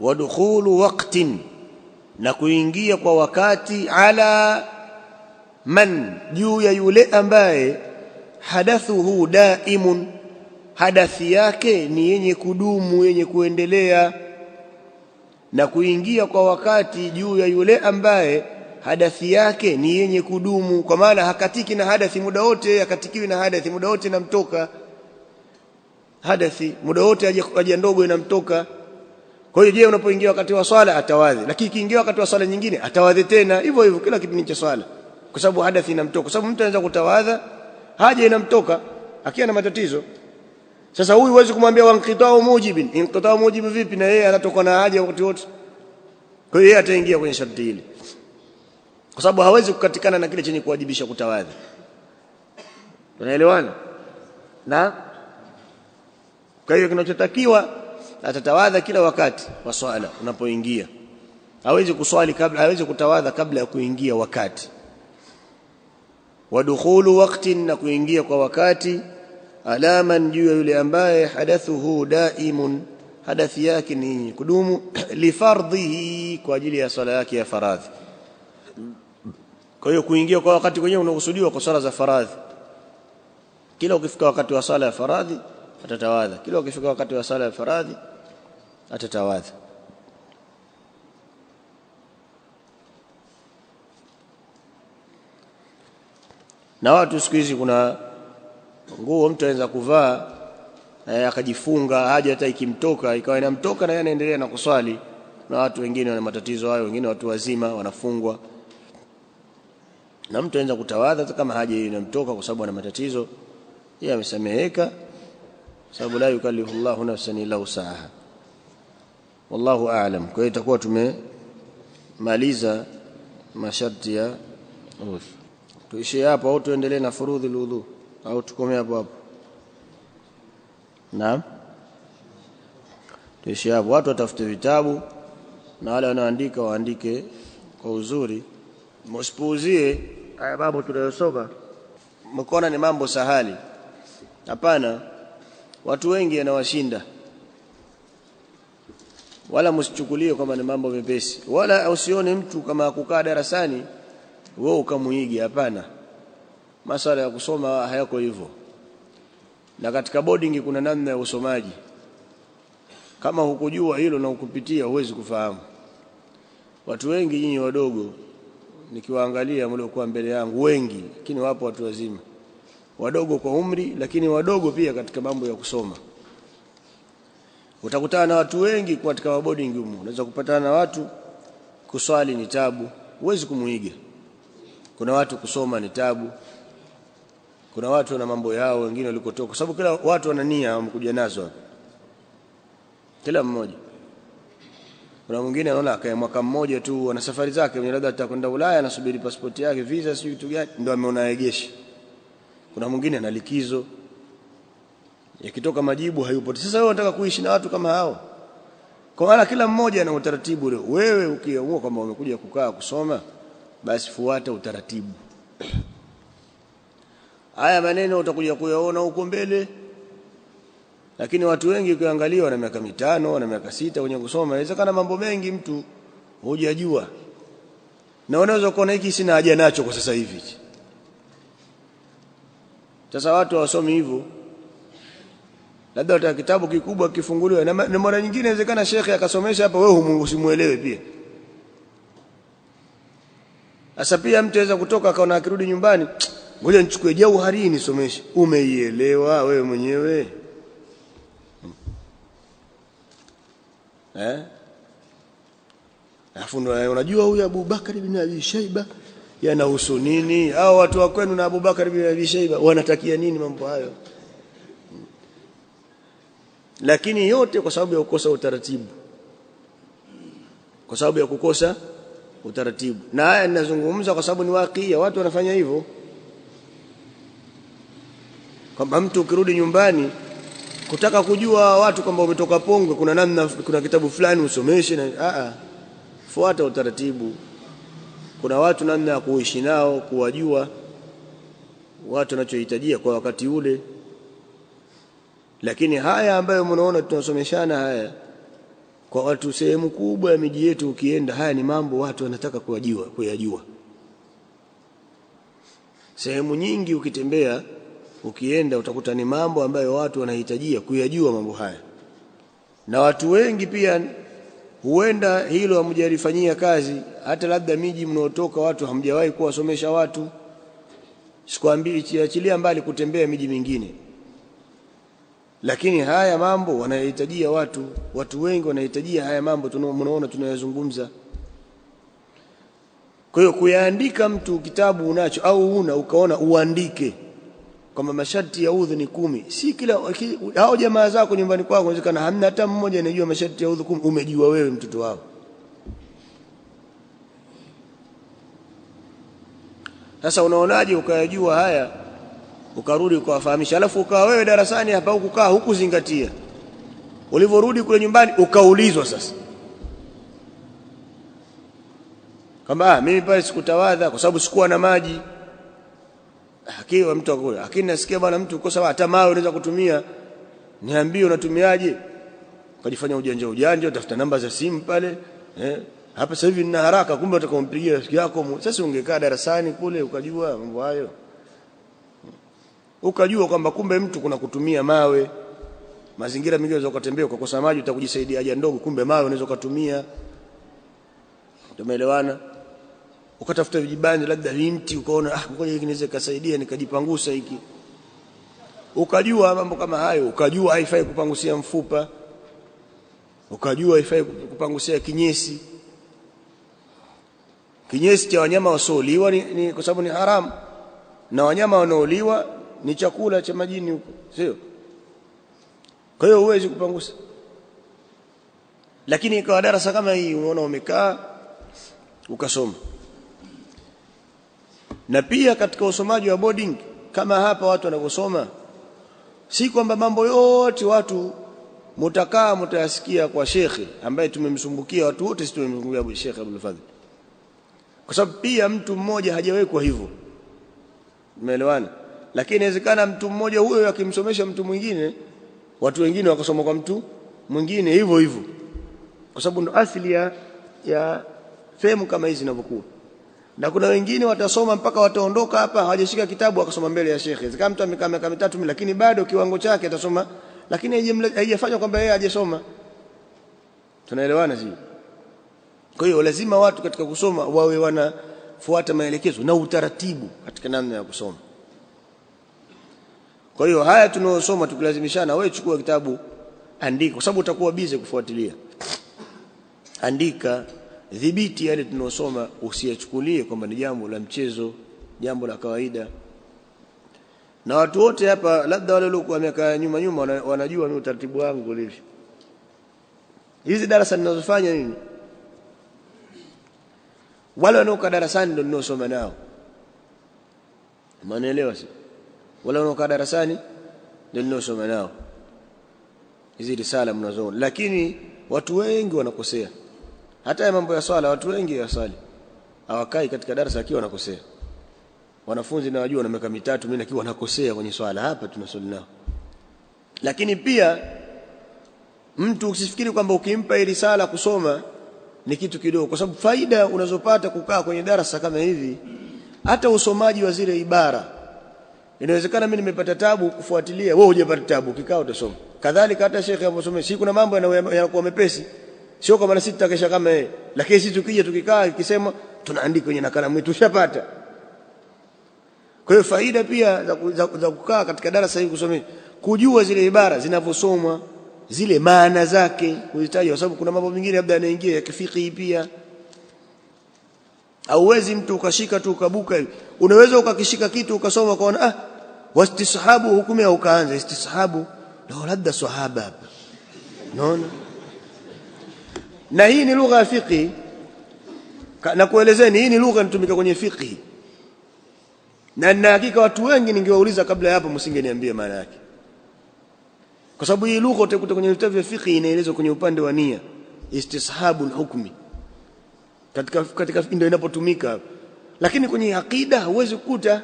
wa dukhulu waqtin na kuingia kwa wakati ala man juu ya yule ambaye hadathuhu daimun hadathi yake ni yenye kudumu yenye kuendelea na kuingia kwa wakati juu ya yule ambaye hadathi yake ni yenye kudumu kwa maana hakatiki na hadathi muda wote hakatikiwi na hadathi muda wote namtoka hadathi muda wote haja ndogo inamtoka kwa hiyo je, unapoingia wakati wa swala atawadhi, lakini kiingia wakati wa swala nyingine atawadhi tena hivyo hivyo, kila kipindi cha swala, kwa sababu hadathi inamtoka, kwa sababu mtu anaweza kutawadha haja inamtoka akiwa na matatizo. Sasa huyu huwezi kumwambia wanqitau mujibin. Inqitau mujibin vipi? Na yeye anatoka na haja wakati wote. Kwa hiyo yeye ataingia kwenye sharti hili, kwa sababu hawezi kukatikana na kile chenye kuwajibisha kutawadha. Tunaelewana? Na kwa hiyo kinachotakiwa atatawadha kila wakati wa swala unapoingia. Hawezi kuswali kabla, hawezi kutawadha kabla ya kuingia wakati. Wadukhulu waqtin, na kuingia kwa wakati. Alaman, juu ya yule ambaye hadathuhu daimun, hadathi yake ni kudumu. Lifardhihi, kwa ajili ya swala yake ya faradhi. Kwa hiyo kuingia kwa wakati kwenyewe unakusudiwa kwa swala za faradhi. Kila ukifika wakati wa swala ya faradhi atatawadha, kila ukifika wakati wa swala ya faradhi atatawadha na watu siku hizi kuna nguo mtu anaweza kuvaa eh, akajifunga haja hata ikimtoka ikawa inamtoka na yeye anaendelea na kuswali. Na watu wengine wana matatizo hayo, wengine watu wazima wanafungwa, na mtu anaweza kutawadha hata kama haja inamtoka kwa sababu ana matatizo, yeye amesameheka, sababu la yukallifu Allahu nafsan illa usaha wallahu aalam. Kwa hiyo itakuwa tumemaliza masharti ya udhu. Tuishie hapo au tuendelee na furudhi ludhu au tukome hapo hapo? Naam, tuishie hapo. Watu watafute vitabu na wale wanaoandika waandike kwa uzuri, msipuuzie haya mambo tunayosoma mkona ni mambo sahali. Hapana, watu wengi yanawashinda wala msichukulie kama ni mambo mepesi wala usione mtu kama akukaa darasani wewe ukamuige hapana masala ya kusoma hayako hivyo na katika boarding kuna namna ya usomaji kama hukujua hilo na ukupitia huwezi kufahamu watu wengi nyinyi wadogo nikiwaangalia mliokuwa mbele yangu wengi lakini wapo watu wazima wadogo kwa umri lakini wadogo pia katika mambo ya kusoma Utakutana na watu wengi katika mabodi ngumu, unaweza kupatana na watu kuswali ni tabu, huwezi kumuiga. Kuna watu kusoma ni tabu, kuna watu na mambo yao, wengine walikotoka, sababu kila watu wana nia wamekuja nazo kila mmoja. Kuna mwingine anaona akae mwaka mmoja tu, ana safari zake, mwenye labda atakwenda Ulaya, anasubiri pasipoti yake, visa, sio kitu gani, ndio ameona aegeshe. Kuna mwingine ana likizo yakitoka majibu hayupo. Sasa wewe unataka kuishi na watu kama hao? Kwa maana kila mmoja ana utaratibu ule. Wewe ukiamua kwamba umekuja kukaa kusoma, basi fuata utaratibu. Haya maneno utakuja kuyaona huko mbele, lakini watu wengi ukiangalia, wana miaka mitano, wana miaka sita kwenye kusoma, inawezekana mambo mengi mtu hujajua, na unaweza kuona hiki sina haja nacho kwa sasa hivi. Sasa watu hawasomi hivyo labda utaka kitabu kikubwa kifunguliwe, na mara nyingine inawezekana shekhe akasomesha hapa, wewe usimuelewe pia. Sasa pia mtu anaweza kutoka akaona, akirudi nyumbani, ngoja nichukue Jauhari nisomeshe. Umeielewa wewe mwenyewe hmm. eh? Alafu unajua huyu Abubakar bin Abi Shaiba yanahusu nini? Hao watu wa kwenu na Abubakar bin Abi Shaiba wanatakia nini mambo hayo? lakini yote kwa sababu ya kukosa utaratibu kwa sababu ya kukosa utaratibu na haya ninazungumza kwa sababu ni wakia watu wanafanya hivyo kwamba mtu ukirudi nyumbani kutaka kujua watu kwamba umetoka pongwe kuna namna kuna kitabu fulani usomeshe na a a fuata utaratibu kuna watu namna ya kuishi nao kuwajua watu wanachohitajia kwa wakati ule lakini haya ambayo mnaona tunasomeshana haya kwa watu, sehemu kubwa ya miji yetu ukienda, haya ni mambo watu wanataka kuyajua, kuyajua. Sehemu nyingi ukitembea, ukienda, utakuta ni mambo ambayo watu wanahitajia kuyajua mambo haya, na watu wengi pia huenda hilo hamjalifanyia kazi. Hata labda miji mnaotoka watu hamjawahi kuwasomesha watu. Sikwambii, chiachilia mbali kutembea miji mingine lakini haya mambo wanayahitajia watu, watu wengi wanahitajia haya mambo mnaona tunayazungumza. Kwa hiyo kuyaandika, mtu kitabu unacho au una, ukaona uandike kwamba masharti ya udhu ni kumi. Si kila hao jamaa zako nyumbani kwako, inawezekana hamna hata mmoja anajua masharti ya udhu kumi, umejua wewe mtoto wao. Sasa unaonaje ukayajua haya ukarudi ukawafahamisha, alafu ukawa wewe darasani hapa hukukaa hukuzingatia, ulivyorudi kule nyumbani ukaulizwa sasa kwamba ah, mimi pale sikutawadha kwa sababu sikuwa na maji. Hakiwa ah, mtu akula, lakini nasikia bwana mtu uko sawa, hata mawe unaweza kutumia, niambie unatumiaje? Ukajifanya ujanja ujanja, utafuta namba za simu pale eh, hapa sasa hivi nina haraka, kumbe utakompigia rafiki yako. Sasa ungekaa darasani kule ukajua mambo hayo ukajua kwamba kumbe mtu kuna kutumia mawe. Mazingira mengine unaweza ukatembea ukakosa maji, utakujisaidia haja ndogo, kumbe mawe unaweza ukatumia. Tumeelewana? Ukatafuta vijibani labda vimti, ukaona ah, ngoja hiki niweze kusaidia nikajipangusa hiki. Ukajua mambo kama hayo, ukajua haifai kupangusia mfupa, ukajua haifai kupangusia kinyesi kinyesi cha wanyama wasioliwa ni, ni kwa sababu ni haramu na wanyama wanaoliwa ni chakula cha majini huko, sio? Kwa hiyo huwezi kupangusa. Lakini ikawa darasa kama hii, unaona umekaa ukasoma. Na pia katika usomaji wa boarding kama hapa watu wanavyosoma, si kwamba mambo yote watu mutakaa mutayasikia kwa shekhe ambaye tumemsumbukia watu wote, si tumemsumbukia Shekhe Abdul Fadhil, kwa sababu pia mtu mmoja hajawekwa hivyo. Umeelewana? lakini inawezekana mtu mmoja huyo akimsomesha mtu mwingine watu wengine wakasoma kwa mtu mwingine hivyo hivyo kwa sababu ndo asili ya, ya fehemu kama hizi zinavyokuwa na kuna wengine watasoma mpaka wataondoka hapa hawajashika kitabu akasoma mbele ya shekhe kama mtu amekaa miaka mitatu lakini bado kiwango chake atasoma lakini haijafanywa kwamba yeye hajasoma tunaelewana si kwa hiyo lazima watu katika kusoma wawe wanafuata maelekezo na utaratibu katika namna ya kusoma kwa hiyo haya tunayosoma tukilazimishana, wewe chukua kitabu andika, kwa sababu utakuwa bize kufuatilia. Andika, dhibiti yale tunayosoma, usiyachukulie kwamba ni jambo la mchezo, jambo la kawaida. Na watu wote hapa, labda wale waliokuwa miaka nyuma nyuma, wanajua mimi utaratibu wangu ulivyo. Hizi darasa ninazofanya mimi, wale wanaoka darasani ndio ninaosoma nao, mnaelewa sio? wala unaokaa darasani ndio linalosoma nao hizi risala mnazoona lakini watu wengi wanakosea hata ya mambo ya swala watu wengi wasali hawakai katika darasa akiwa wanakosea wanafunzi na wajua na miaka mitatu mimi nikiwa nakosea kwenye swala hapa tunasoma nao lakini pia mtu usifikiri kwamba ukimpa ile risala kusoma ni kitu kidogo kwa sababu faida unazopata kukaa kwenye darasa kama hivi hata usomaji wa zile ibara Inawezekana mimi nimepata tabu kufuatilia, wewe hujapata tabu, kikao utasoma. Kadhalika hata shekhe aposome, si kuna mambo yanakuwa mepesi, sio kama na sisi tutakesha kama yeye, lakini sisi tukija tukikaa, ikisema tunaandika kwenye nakala mwitu, tushapata. Kwa hiyo faida pia za, za, za kukaa katika darasa hili kusomea, kujua zile ibara zinavyosomwa, zile maana zake kuzitaja, kwa sababu kuna mambo mengine labda yanaingia ya kifiki pia Hauwezi mtu ukashika tu ukabuka. Unaweza ukakishika kitu ukasoma kwaona ah, wastisahabu hukumu ya ukaanza istisahabu ndio labda sahaba hapa unaona na hii ni lugha ya fiqi na kuelezeni hii ni lugha inatumika kwenye fiqi na na hakika watu wengi ningewauliza kabla ya hapo msingeniambia maana yake kwa sababu hii lugha utakuta kwenye vitabu vya fiqi inaelezwa kwenye upande wa nia istishabu hukmi katika katika ndio inapotumika lakini kwenye akida huwezi kukuta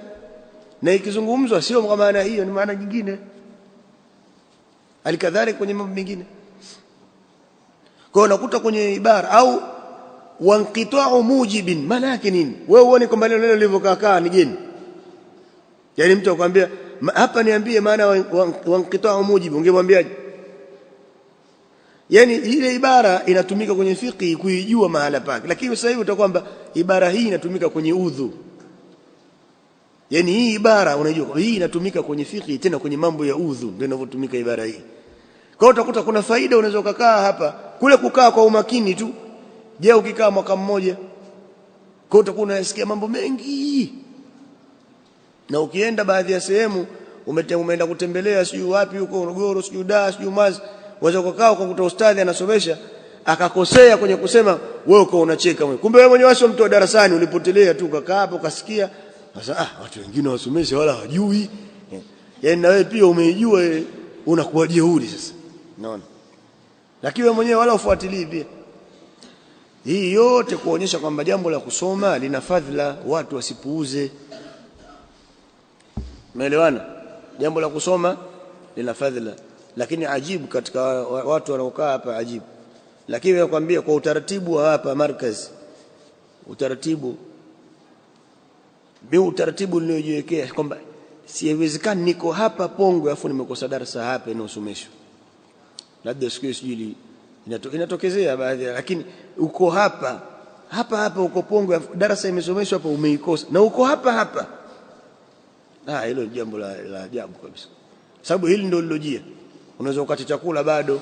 na ikizungumzwa sio kwa maana hiyo, ni maana nyingine. Alikadhalika kwenye mambo mengine. Kwa hiyo unakuta kwenye ibara au wanqita'u mujibin, maana yake nini? Wewe uone kwamba leo leo lilivyokaa ni geni, yaani mtu akwambia hapa, niambie maana wanqita'u mujib, ungemwambia yani ile ibara inatumika kwenye fiqh kuijua mahala pake, lakini sasa hivi utakwamba ibara hii inatumika kwenye udhu yani hii ibara unajua hii inatumika kwenye fiqh tena kwenye mambo ya udhu ndio inavyotumika ibara hii kwa utakuta kuna faida unaweza kukaa hapa kule kukaa kwa umakini tu je ukikaa mwaka mmoja kwa utakuwa unasikia mambo mengi na ukienda baadhi ya sehemu umeenda kutembelea siyo wapi huko Morogoro siyo Dar siyo Mwanza unaweza kukaa ukakuta ustadhi anasomesha akakosea kwenye kusema wewe uko unacheka mwenyewe kumbe wewe mwenyewe sio mtu wa darasani ulipotelea tu ukakaa hapo ukasikia sasa ah, watu wengine wasomesha wala hawajui. Yaani na wewe pia umeijua unakuwa jeuri sasa. Unaona? Lakini wewe mwenyewe wala ufuatilii pia. Hii yote kuonyesha kwamba jambo la kusoma lina fadhila, watu wasipuuze. Umeelewana? Jambo la kusoma lina fadhila, lakini ajibu katika watu wanaokaa hapa ajibu. Lakini nakwambia kwa utaratibu wa hapa Markaz, utaratibu bi utaratibu niliojiwekea kwamba siwezekani niko hapa Pongwe afu nimekosa darasa hapa na usomesho labda siku sijui inatokezea baadhi, lakini uko hapa hapa hapa, uko Pongwe darasa imesomeshwa hapa, umeikosa na uko hapa hapa. Ah, hilo ni jambo la ajabu kabisa, sababu hili ndio lilojia. Unaweza ukati chakula bado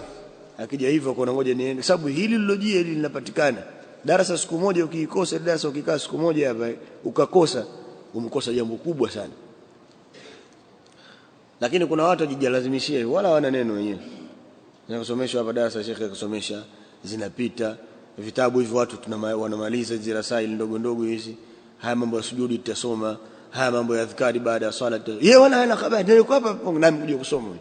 akija hivyo kwa ngoja niende, sababu hili lilojia hili linapatikana darasa siku moja. Ukiikosa darasa, ukikaa siku moja hapa ukakosa umkosa jambo kubwa sana lakini kuna watu wajijalazimishia wala wana neno wenyewe nakusomeshwa hapa darasa shekhe akusomesha zinapita vitabu hivyo watu tunama, wanamaliza hizi rasaili ndogo ndogo hizi haya mambo ya sujudi tutasoma haya mambo ya adhkari baada ya swala yeye wala hana habari ndio kwa hapa nami kuja kusoma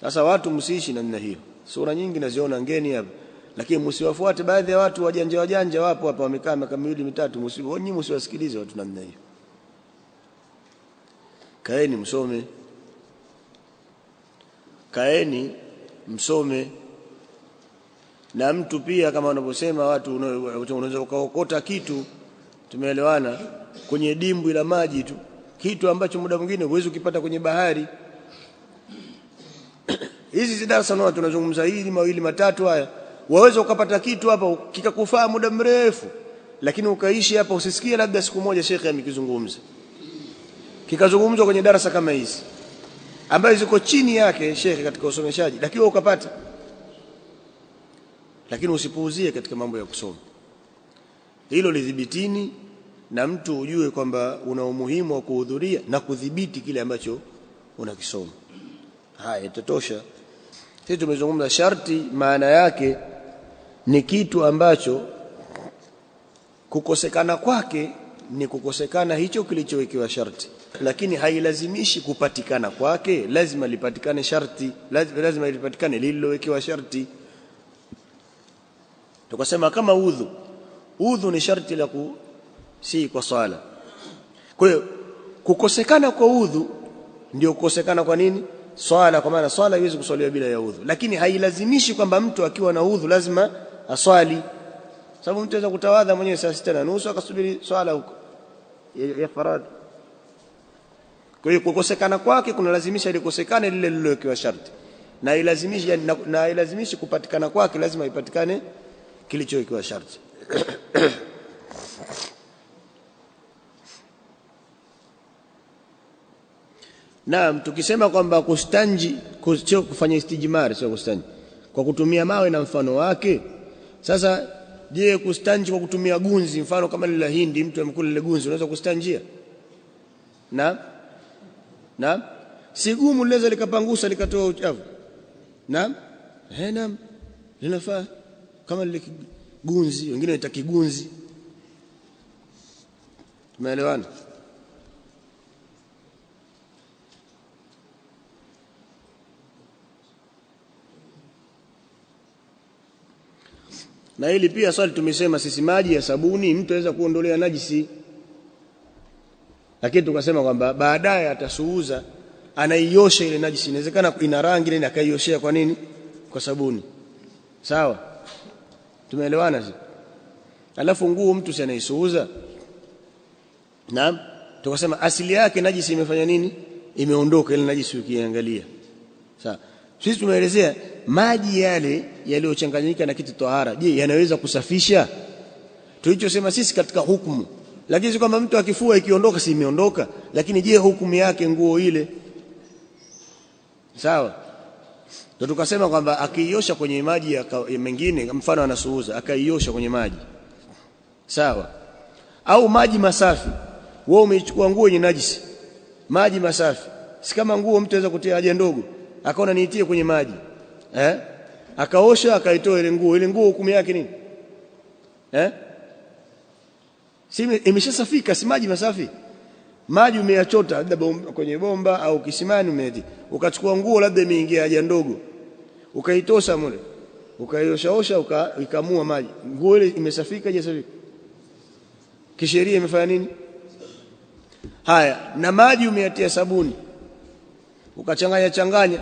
sasa watu msiishi namna hiyo sura nyingi naziona ngeni hapa lakini msiwafuate baadhi ya watu wajanja wajanja, wapo hapa wamekaa miaka miwili mitatu, msiwonyinyi msiwasikilize watu namna hiyo. Kaeni msome, kaeni msome. Na mtu pia, kama wanavyosema watu, unaweza ukaokota kitu, tumeelewana, kwenye dimbwi la maji tu, kitu ambacho muda mwingine huwezi ukipata kwenye bahari. hizi na watu tunazungumza hili mawili matatu haya Waweza ukapata kitu hapa kikakufaa muda mrefu, lakini ukaishi hapa usisikie, labda siku moja shekhe amekizungumza, kikazungumzwa kwenye darasa kama hizi ambayo ziko chini yake shekhe katika usomeshaji, lakini ukapata. Lakini usipuuzie katika mambo ya kusoma, hilo lidhibitini, na mtu ujue kwamba una umuhimu wa kuhudhuria na kudhibiti kile ambacho unakisoma. Haya, itatosha. Sisi tumezungumza sharti, maana yake ni kitu ambacho kukosekana kwake ni kukosekana hicho kilichowekewa sharti, lakini hailazimishi kupatikana kwake. Lazima lipatikane sharti, lazima lipatikane lililowekewa sharti. Tukasema kama udhu, udhu ni sharti la kusii kwa swala. Kwa hiyo kukosekana kwa udhu ndio kukosekana kwa nini swala, kwa maana swala haiwezi kuswaliwa bila ya udhu, lakini hailazimishi kwamba mtu akiwa na udhu lazima aswali, sababu mtu anaweza kutawadha mwenyewe saa sita na nusu akasubiri swala huko ya faradhi. Kwa hiyo kukosekana kwake kunalazimisha ilikosekane lile lililowekewa sharti, na ilazimishi na ilazimishi kupatikana kwake lazima ipatikane kilichowekewa sharti. Naam, tukisema kwamba kustanji sio kufanya istijmari, sio kustanji kwa kutumia mawe na mfano wake sasa je, kustanji kwa kutumia gunzi, mfano kama lile hindi, mtu amekula lile gunzi, unaweza kustanjia? Na na si gumu linaweza likapangusa likatoa uchafu. Na hena eh, linafaa kama lile gunzi, wengine wanaita kigunzi. Tumeelewana? na hili pia swali tumesema sisi maji ya sabuni mtu aweza kuondolea najisi lakini tukasema kwamba baadaye atasuuza anaiosha ile najisi inawezekana ina rangi ile akaioshea kwa nini kwa sabuni sawa tumeelewana si alafu nguo mtu si anaisuuza naam tukasema asili yake najisi imefanya nini imeondoka ile najisi ukiangalia sawa sisi tunaelezea maji yale yaliyochanganyika na kitu tohara je, yanaweza kusafisha? Tulichosema sisi katika hukumu, lakini si kwamba mtu akifua ikiondoka, si imeondoka. Lakini je, hukumu yake nguo ile sawa? Ndio tukasema kwamba akiiosha kwenye maji mengine, mfano anasuuza akaiosha kwenye maji sawa, au maji masafi, wewe umeichukua nguo yenye najisi, maji masafi, si kama nguo mtu aweza kutia haja ndogo akaona niitie kwenye maji eh akaosha akaitoa ile nguo ile nguo hukumu yake nini eh si imeshasafika si maji masafi maji umeyachota labda kwenye bomba au kisimani umeti ukachukua nguo labda imeingia haja ndogo ukaitosa mule ukaioshaosha ukaikamua maji nguo ile imesafika hajasafika kisheria imefanya nini haya na maji umeyatia sabuni ukachanganya changanya,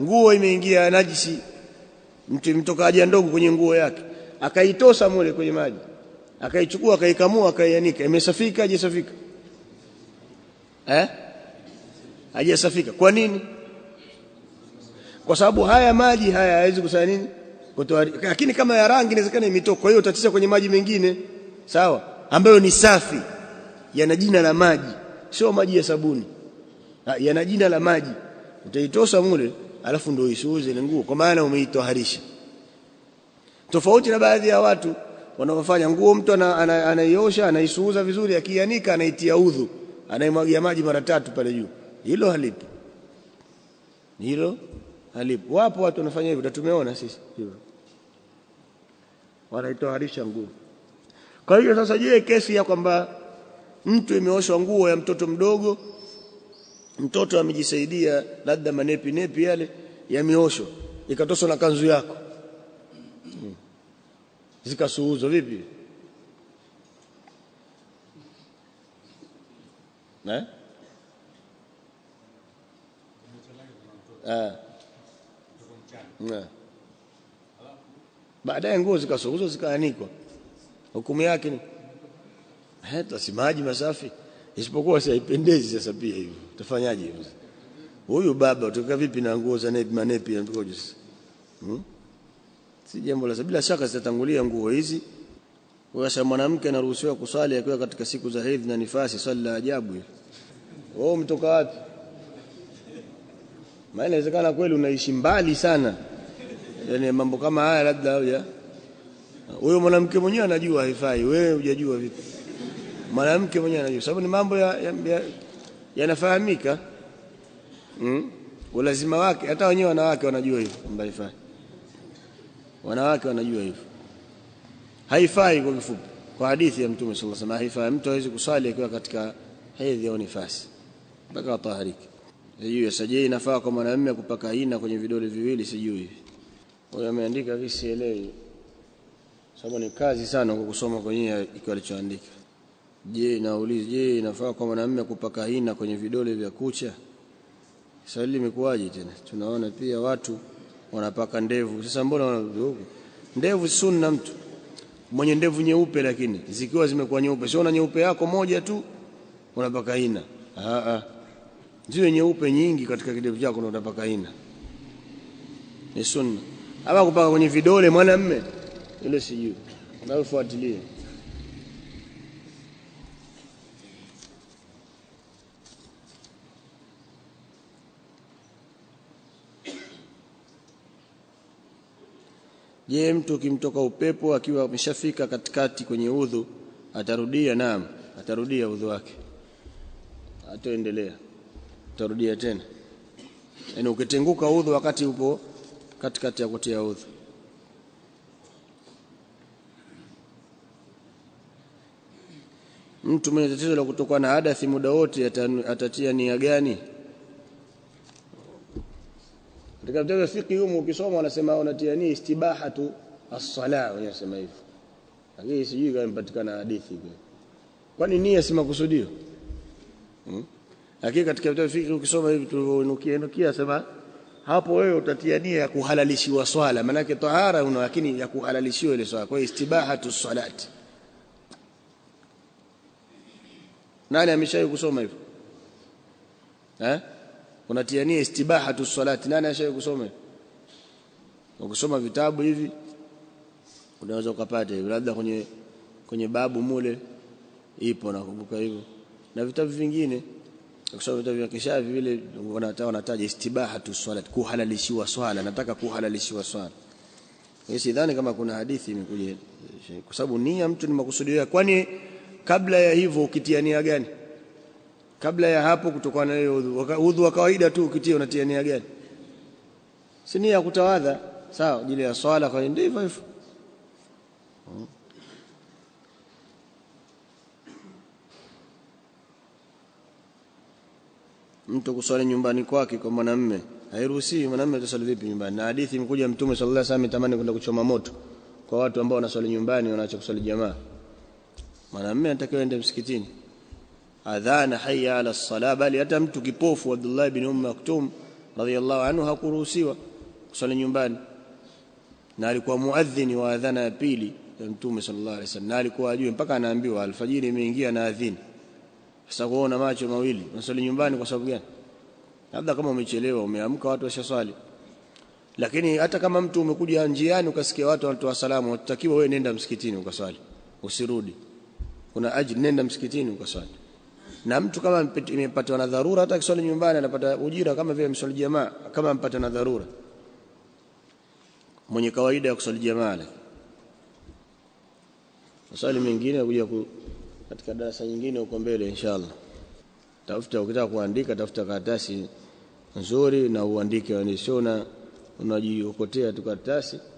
nguo imeingia najisi, mtu mtoka haja ndogo kwenye nguo yake, akaitosa mule kwenye maji, akaichukua, akaikamua, akaianika, imesafika hajasafika? Eh, hajasafika. Kwa nini? Kwa sababu haya maji haya hayawezi kusanya nini, kutoa. Lakini kama ya rangi inawezekana imetoka, kwa hiyo utatisha kwenye maji mengine, sawa, ambayo ni safi, yana jina la maji, sio maji ya sabuni, yana jina la maji utaitosa mule alafu ndio isuuze ile nguo kwa maana umeitoharisha tofauti na baadhi ya watu wanaofanya nguo mtu anaiosha anaisuuza vizuri akianika anaitia udhu anaimwagia maji mara tatu pale juu hilo halipo hilo halipo wapo watu wanafanya hivyo tumeona sisi hilo wanaitoharisha nguo kwa hiyo sasa je kesi ya kwamba mtu imeoshwa nguo ya mtoto mdogo mtoto amejisaidia labda manepi nepi yale ya miosho ikatoswa na kanzu yako hmm. zikasuuzwa vipi na eh? ah. ah. baadaye nguo zikasuuzwa zikaanikwa hukumu yake ni hata eh, maji masafi isipokuwa siaipendezi sasa pia hivyo Tufanyaje? Huyu baba utaka vipi na nguo za nepi manepi anapikoje sasa? Hmm? Si jambo la bila shaka zitatangulia nguo hizi. Kwa sababu mwanamke anaruhusiwa kusali akiwa katika siku za hedhi na nifasi, swali la ajabu hili. Wewe oh, umetoka wapi? Maana inawezekana kweli unaishi mbali sana. Yaani mambo kama haya labda hoja. Huyo mwanamke mwenyewe anajua haifai, wewe hujajua vipi? Mwanamke mwenyewe anajua sababu ni mambo ya, ya, ya yanafahamika mm? Ulazima wake hata wenyewe wanawake wanajua hivyo kwamba wanawake wanajua hivyo, haifai. Kwa kifupi, kwa hadithi ya Mtume sallallahu alaihi wasallam, haifai. Mtu hawezi kusali akiwa katika hedhi au nifasi mpaka atahariki. Sijui saje inafaa kwa mwanamume kupaka hina kwenye vidole viwili, sijui hivi. Kwa hiyo ameandika, visielewi sababu ni kazi sana kwa kusoma kwenyewe ikiwa alichoandika. Je, nauliza je, inafaa kwa mwanamume kupaka hina kwenye vidole vya kucha? Swali limekuwaje tena? Tunaona pia watu wanapaka ndevu. Sasa mbona wana ndevu sunna mtu mwenye ndevu nyeupe, lakini zikiwa zimekuwa nyeupe, sio na nyeupe yako moja tu unapaka hina. Ah ziwe nyeupe nyingi katika kidevu chako na unapaka hina, ni sunna. Ama kupaka kwenye vidole mwanamume, ile sijui, ufuatilie Je, mtu kimtoka upepo akiwa ameshafika katikati kwenye udhu atarudia? Naam, atarudia udhu wake, ataendelea, atarudia tena. yani ukitenguka udhu wakati upo katikati ya kutia udhu mtu mwenye tatizo la kutokwa na hadathi muda wote atatia nia gani? katika mtazo wa fiqh humo ukisoma wanasema wanatia ni istibaha tu as-sala wanasema hivyo lakini sijui kama imepatikana hadithi hiyo kwani nia si makusudio hmm? lakini katika mtazo wa fiqh ukisoma hivi tulivyoinukia inukia sema hapo wewe utatia nia ya kuhalalishiwa swala maana yake tahara una lakini ya kuhalalishiwa ile swala kwa hiyo istibaha istibahatu salati nani ameshawahi kusoma hivyo eh unatia nia tu salati nani ashaye kusoma ukisoma vitabu hivi unaweza ukapata hivi labda kwenye kwenye babu mule ipo nakumbuka hivyo na vitabu vingine kusoma vitabu vya kisha vile wanataja istibaha tu salati kuhalalishiwa swala nataka kuhalalishiwa swala mimi sidhani kama kuna hadithi imekuja kwa sababu nia mtu ni makusudio kwani kabla ya hivyo ukitia nia gani kabla ya hapo, kutokana na hiyo udhu, udhu wa kawaida tu ukitia unatia nia gani? Si nia kutawadha, sawa, ajili ya swala. Kwa ndivyo hivyo Mtu kuswali nyumbani kwake kwa mwanamume hairuhusiwi. Mwanamume ataswali vipi nyumbani? Na hadithi imekuja, Mtume sallallahu alaihi wasallam tamani kwenda kuchoma moto kwa watu ambao wanaswali nyumbani, wanaacha kuswali jamaa. Mwanamume anatakiwa aende msikitini adhana hayya ala sala, bali hata mtu kipofu Abdullah ibn Umm Maktum radhiyallahu anhu hakuruhusiwa kusali nyumbani, na alikuwa muadhini wa adhana ya pili ya Mtume sallallahu alaihi wasallam, na alikuwa ajue mpaka anaambiwa alfajiri imeingia na adhini. Sasa kuona macho mawili unasali nyumbani kwa sababu gani? Labda kama umechelewa, umeamka, watu washaswali. Lakini hata kama mtu umekuja njiani ukasikia watu wanatoa salamu, unatakiwa wewe nenda msikitini ukaswali, usirudi. Kuna ajili, nenda msikitini ukaswali na mtu kama imepatwa na dharura, hata akiswali nyumbani anapata ujira kama vile mswali jamaa, kama amepata na dharura, mwenye kawaida ya kuswali jamaa. Maswali mengine yakuja katika darasa nyingine huko mbele inshallah. Tafuta ukitaka kuandika, tafuta karatasi nzuri na uandike, sio unajiukotea tu karatasi.